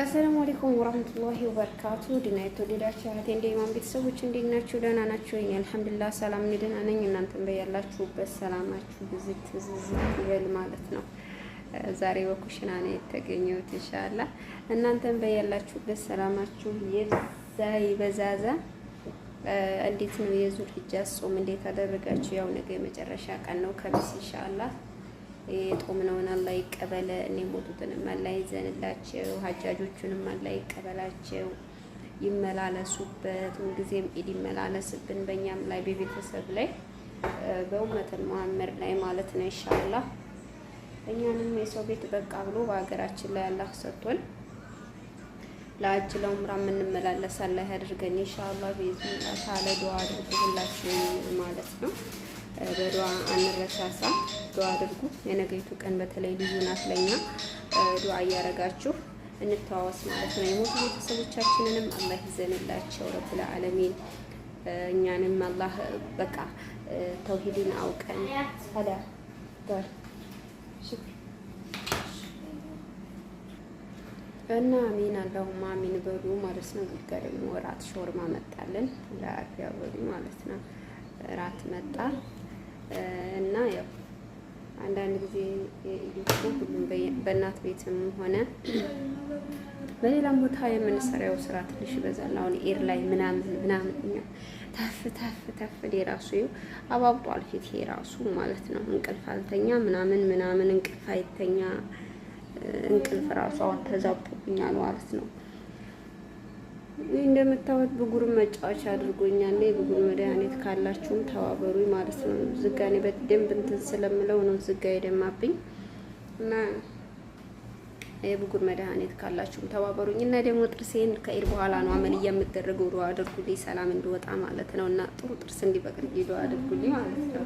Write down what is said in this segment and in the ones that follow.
አሰላሙ አለይኩም ወራህመቱላሂ ወበረካቱ ድና የተወደዳችሁ እህቴ እንደ ኢማን ቤተሰቦች እንዴት ናችሁ? ደህና ናችሁ ወይ? አልሐምዱሊላህ ሰላም እኔ ደህና ነኝ። እናንተም በያላችሁበት ሰላማችሁ ብዝት ብዝት ይበል ማለት ነው። ዛሬ በኩሽና ነው የተገኘሁት። ኢንሻአላህ እናንተም በያላችሁበት ሰላማችሁ የዛ ይበዛዛ። እንዴት ነው የዙል ሂጃ ጾም እንዴት አደረጋችሁ? ያው ነገ የመጨረሻ ቀን ነው ከሚስ ኢንሻአላህ የጦምነውን አላህ ይቀበለ፣ እኔ ሞቱትንም አላህ ይዘንላቸው፣ ሀጃጆቹንም አላህ ይቀበላቸው፣ ይመላለሱበት፣ ምንጊዜም ኢድ ይመላለስብን፣ በእኛም ላይ በቤተሰብ ላይ በእውመት መሐመድ ላይ ማለት ነው። ይሻላ እኛንም የሰው ቤት በቃ ብሎ በሀገራችን ላይ አላህ ሰጥቶን ለአጅ ለኡምራ የምንመላለስ አላህ ያድርገን። ይሻላ ቤዝ ታለ ዱዓ አድርጉላችሁ ማለት ነው። በዱዓ አንረሳሳ። ዱዓ አድርጉ። የነገይቱ ቀን በተለይ ልዩ ናት ለኛ። ዱዓ እያረጋችሁ እንተዋወስ ማለት ነው። የሞቱ ቤተሰቦቻችንንም አላህ ይዘንላቸው ረብል ዓለሚን። እኛንም አላህ በቃ ተውሂድን አውቀን ታዲያ ጋር እና አሚን አላሁማ አሚን በሉ ማለት ነው። ግድጋ ደግሞ እራት ሾርማ መጣለን ለአርቢያ በሉ ማለት ነው። እራት መጣ። እና ያው አንዳንድ ጊዜ ኢዲኮ ሁሉም በእናት ቤትም ሆነ በሌላም ቦታ የምንሰራው ስራ ትንሽ ይበዛል። አሁን ኤር ላይ ምናምን ምናምን ተፍ ተፍ ተፍ የራሱ ይኸው አባብጧል ፊት ራሱ ማለት ነው። እንቅልፍ አልተኛ ምናምን ምናምን እንቅልፍ አይተኛ እንቅልፍ ራሱ አሁን ተዛብቶብኛል ማለት ነው። እንደምታወት ብጉር መጫወቻ አድርጎኛል። የብጉር መድኃኒት ካላችሁም ተባበሩ ማለት ነው። ዝጋኔ በደንብ እንትን ስለምለው ነው ዝጋ የደማብኝ እና የብጉር መድኃኒት ካላችሁም ተባበሩኝ እና ደግሞ ጥርሴን ከኢድ በኋላ ነው አመል እየምደረገው ዱአ አድርጉልኝ ሰላም እንድወጣ ማለት ነው እና ጥሩ ጥርስ እንዲበቅል ዱአ አድርጉልኝ ማለት ነው።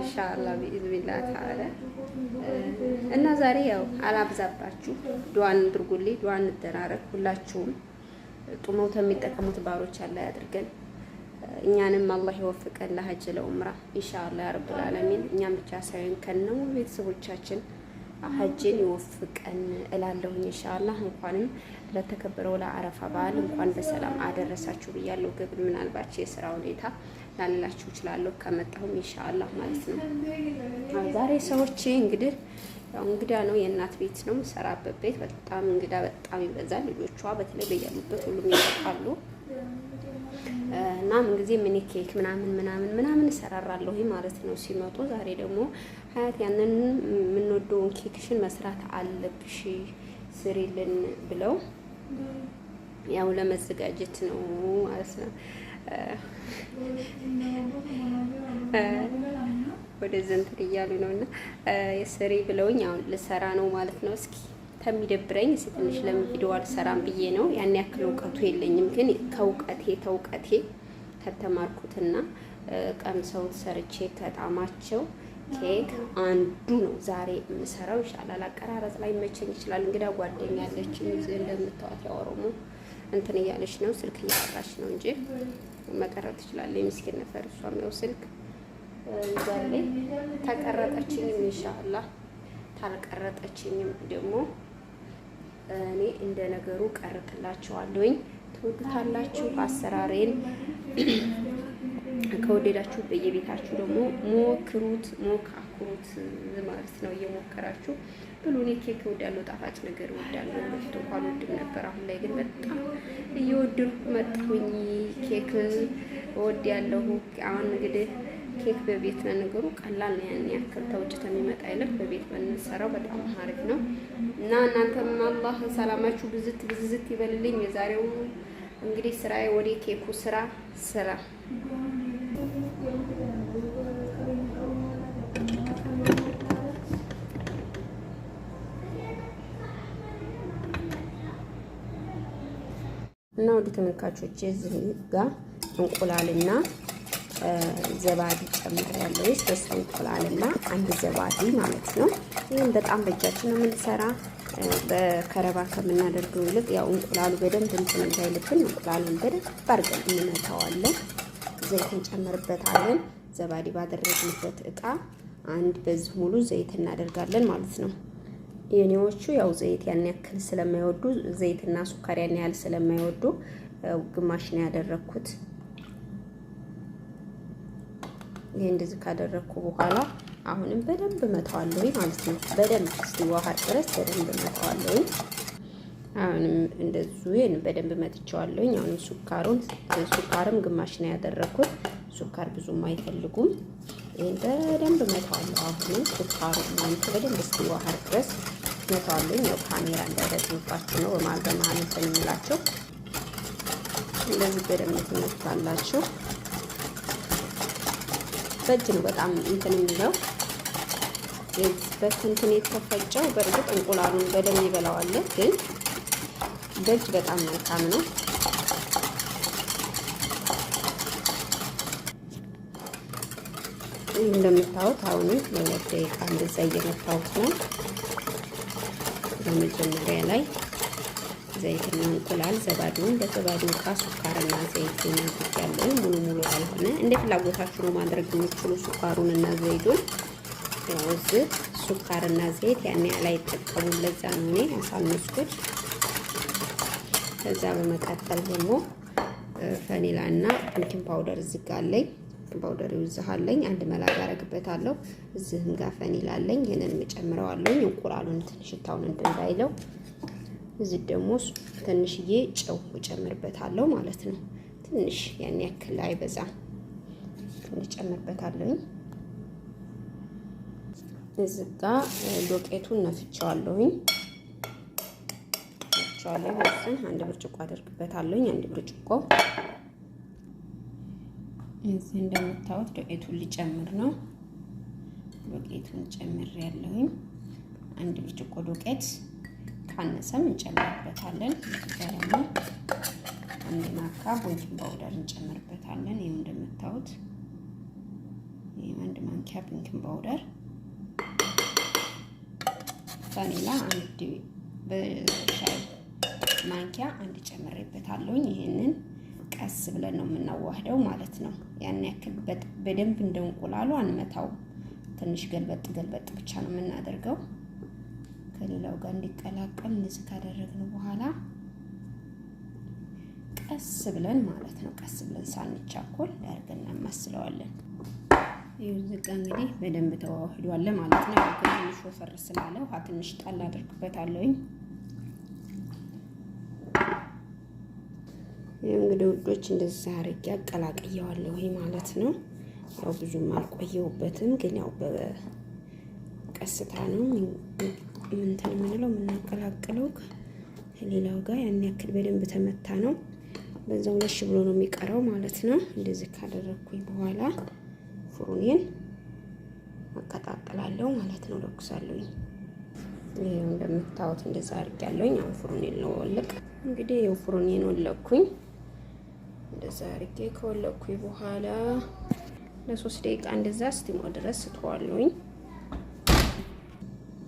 ኢንሻአላህ ቢኢዝኒላህ ተዓላ እና ዛሬ ያው አላብዛባችሁ፣ ዱአ አድርጉልኝ፣ ዱአ እንደራረግ ሁላችሁም ጡመውተ የሚጠቀሙት ባሮች አላ ያድርገን። እኛንም አላህ ይወፍቀን ለሀጅ ለኡምራ ኢንሻአላህ ረብል ዓለሚን። እኛም ብቻ ሳይሆን ከነው ቤተሰቦቻችን ሀጅን ይወፍቀን እላለሁ ኢንሻአላህ እንኳንም ለተከበረው ለአረፋ በዓል እንኳን በሰላም አደረሳችሁ ብያለሁ። ግብር ምናልባት የስራ ሁኔታ ላልላችሁ እችላለሁ ከመጣሁም ኢንሻአላህ ማለት ነው። ዛሬ ሰዎች እንግዲህ ያው እንግዳ ነው፣ የእናት ቤት ነው የምሰራበት ቤት። በጣም እንግዳ በጣም ይበዛል። ልጆቿ በተለይ በያሉበት ሁሉም ይመጣሉ እና ምን ጊዜ ምን ኬክ ምናምን ምናምን ምናምን እሰራራለሁ ማለት ነው ሲመጡ። ዛሬ ደግሞ ሀያት ያንን የምንወደውን ኬክሽን መስራት አለብሽ ስሪልን ብለው ያው ለመዘጋጀት ነው ማለት ነው ወደዚያ እንትን እያሉ ነው እና የስሪ ብለውኝ አሁን ልሰራ ነው ማለት ነው። እስኪ ከሚደብረኝ እስኪ ትንሽ ለምን ቪዲዮ አልሰራም ብዬ ነው። ያን ያክል እውቀቱ የለኝም፣ ግን ከእውቀቴ ተውቀቴ ከተማርኩትና ቀምሰው ሰርቼ ከጣማቸው ኬክ አንዱ ነው ዛሬ የምሰራው። ይሻላል አቀራረጽ ላይ መቸኝ ይችላል። እንግዳ ጓደኛ ያለች እንደምታዋት ያወረሙ እንትን እያለች ነው ስልክ እያወራች ነው እንጂ መቀረብ ትችላለች። ምስኪን ነፈር እሷም ያው ስልክ ይዛለኝ ተቀረጠችኝም ኢንሻአላህ ታልቀረጠችኝም ደግሞ እኔ እንደ ነገሩ ቀርጥላችኋለሁኝ። ትወዱታላችሁ አሰራሬን። ከወደዳችሁ በየቤታችሁ ደግሞ ሞክሩት፣ ሞካክሩት ማለት ነው። እየሞከራችሁ ብሉ። እኔ ኬክ እወዳለሁ፣ ጣፋጭ ነገር እወዳለሁ። በፊት እንኳን ወድም ነበር፣ አሁን ላይ ግን በጣም እየወደድኩ መጣሁኝ። ኬክ ያለሁ አሁን እንግዲህ ኬክ በቤት ለነገሩ ቀላል ነው። ያን ያክል ተውጭ ከሚመጣ ይልቅ በቤት ብንሰራው በጣም አሪፍ ነው እና እናንተም አላህ ሰላማችሁ ብዝት ብዝዝት ይበልልኝ። የዛሬው እንግዲህ ስራዬ ወደ ኬኩ ስራ ስራ እና ወደ ተመልካቾች እዚህ ጋር እንቁላልና ዘባዲ ጨምር ያለው ወይስ በሱ እና አንድ ዘባዲ ማለት ነው። ይህም በጣም በእጃችን ነው የምንሰራ በከረባ ከምናደርገው ይልቅ ያው እንቁላሉ በደንብ እንትን እንዳይልብን እንቁላሉን በደንብ አድርገን እንመታዋለን። ዘይት እንጨምርበታለን። ዘባዲ ባደረግንበት እቃ አንድ በዚህ ሙሉ ዘይት እናደርጋለን ማለት ነው። የኔዎቹ ያው ዘይት ያን ያክል ስለማይወዱ ዘይትና ሱካር ያን ያህል ስለማይወዱ ግማሽ ነው ያደረግኩት። ይሄ እንደዚህ ካደረግኩ በኋላ አሁንም በደንብ መተዋለሁ ማለት ነው። በደንብ ሲዋሃድ ድረስ በደንብ መተዋለሁ። አሁንም እንደዚሁ ይሄን በደንብ መጥቼዋለሁ። አሁንም ሱካሩን ሱካርም ግማሽ ነው ያደረኩት። ሱካር ብዙም አይፈልጉም። ይሄን በደንብ መተዋለሁ። አሁንም ሱካሩ ማለት በደንብ ሲዋሃድ ድረስ መተዋለሁ። ያው ካሜራ እንዳይረዝምባችሁ ነው በማል በመሀል እንትን የምላቸው እንደዚህ በደንብ ትመቱታላችሁ። በእጅ ነው በጣም እንትን የሚለው በትንትን የተፈጨው። በእርግጥ እንቁላሉን በደንብ ይበላዋል፣ ግን በእጅ በጣም መልካም ነው። እንደምታዩት አሁንም ለሁለት ደቂቃ እንደዛ እየመታሁት ነው በመጀመሪያ ላይ ዘይትና እንቁላል ዘባዱን በዘባዱ እቃ ሱካርና ዘይት ማድረግ ያለው ሙሉ ሙሉ ያልሆነ እንደ ፍላጎታችሁ ነው ማድረግ የሚችሉ ሱካሩን እና ዘይቱን። ያውዝ እዚህ ሱካርና ዘይት ያን ያህል አይጠቀሙም። ለዛ ነው እኔ ያሳነስኩት። ከዛ በመቀጠል ደግሞ ፈኒላ እና ቤኪንግ ፓውደር እዚህ አለኝ። ፓውደር ይውዝሃለኝ አንድ መላቅ ያደርግበታለሁ። እዚህም ጋር ፈኒላ አለኝ። ይህንን የምጨምረዋለኝ እንቁላሉን ትንሽ ታውን እንዳይለው እዚህ ደግሞ ትንሽዬ ጨው እጨምርበታለሁ ማለት ነው። ትንሽ ያን ያክል አይበዛም እጨምርበታለሁ። እዚህ ጋ ዶቄቱን ነፍቼዋለሁኝ ነፍቼዋለሁ። ወስን አንድ ብርጭቆ አደርግበታለሁኝ። አንድ ብርጭቆ እዚህ እንደምታዩት ዶቄቱን ሊጨምር ነው። ዶቄቱን ጨምሬያለሁኝ። አንድ ብርጭቆ ዶቄት ካነሰም እንጨምርበታለን። ደግሞ አንድ ማንካ ቤኪንግ ፓውደር እንጨምርበታለን። ይኸው እንደምታዩት አንድ ማንኪያ ቤኪንግ ፓውደር፣ ቫኒላ አንድ በሻይ ማንኪያ አንድ ጨምሬበታለሁኝ። ይህንን ቀስ ብለን ነው የምናዋህደው ማለት ነው። ያን ያክል በደንብ እንደ እንቁላሉ አንመታው። ትንሽ ገልበጥ ገልበጥ ብቻ ነው የምናደርገው። ከሌላው ጋር እንዲቀላቀል እንደዚህ ካደረግን በኋላ ቀስ ብለን ማለት ነው፣ ቀስ ብለን ሳንቻኮል አድርገን እናመስለዋለን። ይኸው እዚህ እንግዲህ በደንብ ተዋህዷል ማለት ነው። ትንሽ ወፈር ስላለ ውሃ ትንሽ ጣል አድርግበታለሁኝ። ይህ እንግዲህ ውዶች እንደዚህ አድርጌ አቀላቅየዋለሁ ማለት ነው። ያው ብዙም አልቆየውበትም፣ ግን ያው በቀስታ ነው እንትን የምንለው የምናቀላቅለው ከሌላው ጋር ያን ያክል በደንብ ተመታ ነው። በዛው ለሽ ብሎ ነው የሚቀረው ማለት ነው። እንደዚህ ካደረግኩኝ በኋላ ፍሩኔን አቀጣጥላለሁ ማለት ነው። ለኩሳለሁኝ። ይሄው እንደምታዩት እንደዛ አድርጌያለሁኝ። አሁን ፍሩኔን ለወልቅ እንግዲህ ይሄው ፍሩኔን ወለቅኩኝ። እንደዛ አድርጌ ከወለቅኩኝ በኋላ ለሶስት ደቂቃ እንደዛ እስቲሞ ድረስ ትተዋለሁኝ።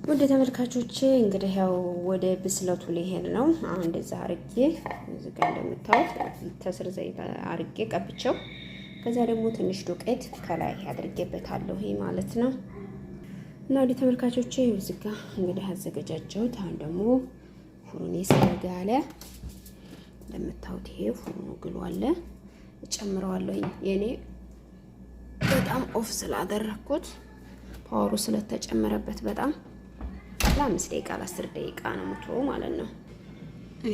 ወደ ተመልካቾቼ እንግዲህ ያው ወደ ብስለቱ ሊሄድ ነው። አሁን እንደዛ አርጌ እዚህ ጋር እንደምታዩት ተስር ዘይት አርጌ ቀብቸው፣ ከዛ ደግሞ ትንሽ ዱቄት ከላይ አድርጌበታለሁ ማለት ነው። እና ወደ ተመልካቾቼ እዚህ ጋር እንግዲህ አዘገጃጀሁት። አሁን ደግሞ ፉሩኔ ስለጋለ እንደምታዩት ይሄ ፉሩኑ ግሉ አለ እጨምረዋለሁኝ። የኔ በጣም ኦፍ ስላደረግኩት ፓወሩ ስለተጨመረበት በጣም በኋላ አምስት ደቂቃ ለአስር ደቂቃ ነው የምትወው ማለት ነው።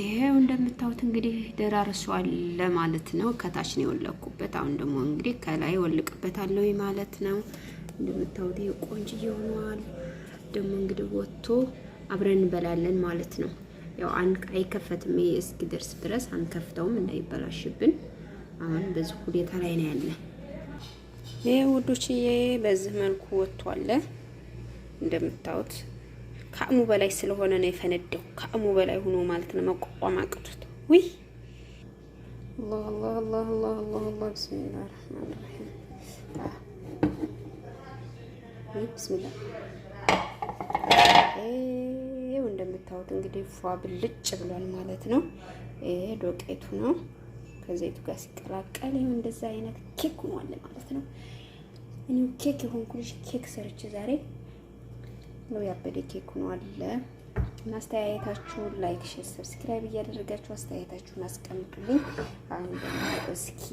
ይሄው እንደምታዩት እንግዲህ ደራርሷል ለማለት ነው። ከታች ነው የወለኩበት። አሁን ደግሞ እንግዲህ ከላይ ወልቅበታለሁ ማለት ነው። እንደምታዩት ይሄ ቆንጆ ይሆናል። ደግሞ እንግዲህ ወጥቶ አብረን እንበላለን ማለት ነው። ያው አን አይከፈትም እስኪደርስ ድረስ አንከፍተውም እንዳይበላሽብን። አሁን በዚህ ሁኔታ ላይ ነው ያለ። ይሄ ውዶችዬ በዚህ መልኩ ወጥቷል እንደምታዩት ከአቅሙ በላይ ስለሆነ ነው የፈነዳው። ከአቅሙ በላይ ሆኖ ማለት ነው መቋቋም አቅቱት። ውይ ብስሚላ እንደምታዩት እንግዲህ ፏ ብልጭ ብሏል ማለት ነው። ይሄ ዶቄቱ ነው ከዘይቱ ጋር ሲቀላቀል ይኸው እንደዛ አይነት ኬክ ሆኗል ማለት ነው። እኔ ኬክ የሆንኩልሽ ኬክ ሰርች ዛሬ ነው ያበደ ኬክ ሆኖ አለ እና አስተያየታችሁን ላይክ፣ ሼር፣ ሰብስክራይብ እያደረጋችሁ አስተያየታችሁን አስቀምጡልኝ። አሁን ደግሞ እስኪ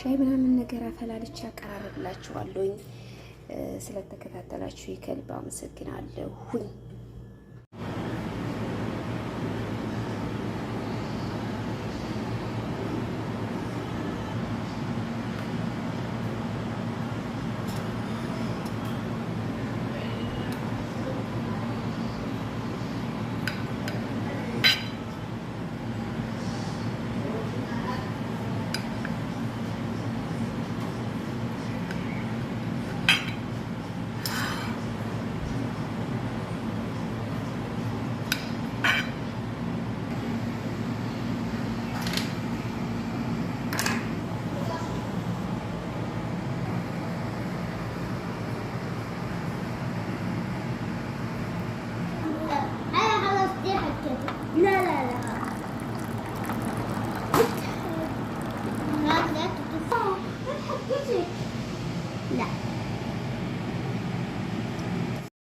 ሻይ ምናምን ነገር አፈላልቼ አቀራረብላችኋለሁኝ። ስለተከታተላችሁ የከልብ አመሰግናለሁኝ።